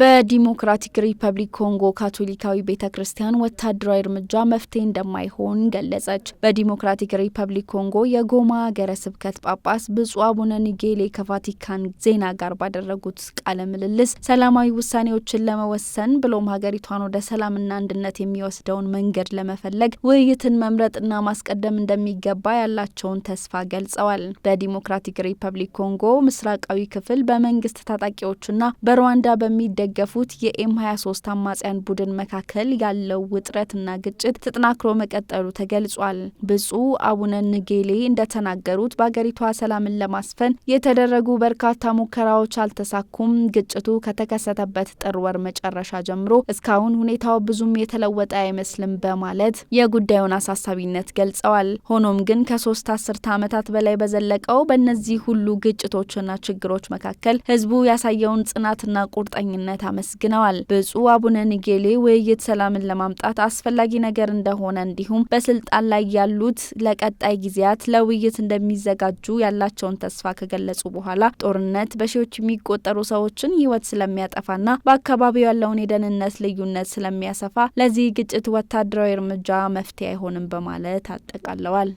በዲሞክራቲክ ሪፐብሊክ ኮንጎ ካቶሊካዊ ቤተ ክርስቲያን ወታደራዊ እርምጃ መፍትሄ እንደማይሆን ገለጸች። በዲሞክራቲክ ሪፐብሊክ ኮንጎ የጎማ ሀገረ ስብከት ጳጳስ ብፁዕ አቡነ ኒጌሌ ከቫቲካን ዜና ጋር ባደረጉት ቃለ ምልልስ ሰላማዊ ውሳኔዎችን ለመወሰን ብሎም ሀገሪቷን ወደ ሰላምና አንድነት የሚወስደውን መንገድ ለመፈለግ ውይይትን መምረጥና ማስቀደም እንደሚገባ ያላቸውን ተስፋ ገልጸዋል። በዲሞክራቲክ ሪፐብሊክ ኮንጎ ምስራቃዊ ክፍል በመንግስት ታጣቂዎችና በሩዋንዳ በሚ በሚደገፉት የኤም 23 አማጽያን ቡድን መካከል ያለው ውጥረትና ግጭት ተጠናክሮ መቀጠሉ ተገልጿል። ብፁዕ አቡነ ንጌሌ እንደተናገሩት በአገሪቷ ሰላምን ለማስፈን የተደረጉ በርካታ ሙከራዎች አልተሳኩም። ግጭቱ ከተከሰተበት ጥር ወር መጨረሻ ጀምሮ እስካሁን ሁኔታው ብዙም የተለወጠ አይመስልም በማለት የጉዳዩን አሳሳቢነት ገልጸዋል። ሆኖም ግን ከሶስት አስርተ ዓመታት በላይ በዘለቀው በእነዚህ ሁሉ ግጭቶችና ችግሮች መካከል ህዝቡ ያሳየውን ጽናትና ቁርጠኝነት ምስክርነት አመስግነዋል። ብፁዕ አቡነ ኒጌሌ ውይይት ሰላምን ለማምጣት አስፈላጊ ነገር እንደሆነ እንዲሁም በስልጣን ላይ ያሉት ለቀጣይ ጊዜያት ለውይይት እንደሚዘጋጁ ያላቸውን ተስፋ ከገለጹ በኋላ ጦርነት በሺዎች የሚቆጠሩ ሰዎችን ሕይወት ስለሚያጠፋና በአካባቢው ያለውን የደህንነት ልዩነት ስለሚያሰፋ ለዚህ ግጭት ወታደራዊ እርምጃ መፍትሄ አይሆንም በማለት አጠቃለዋል።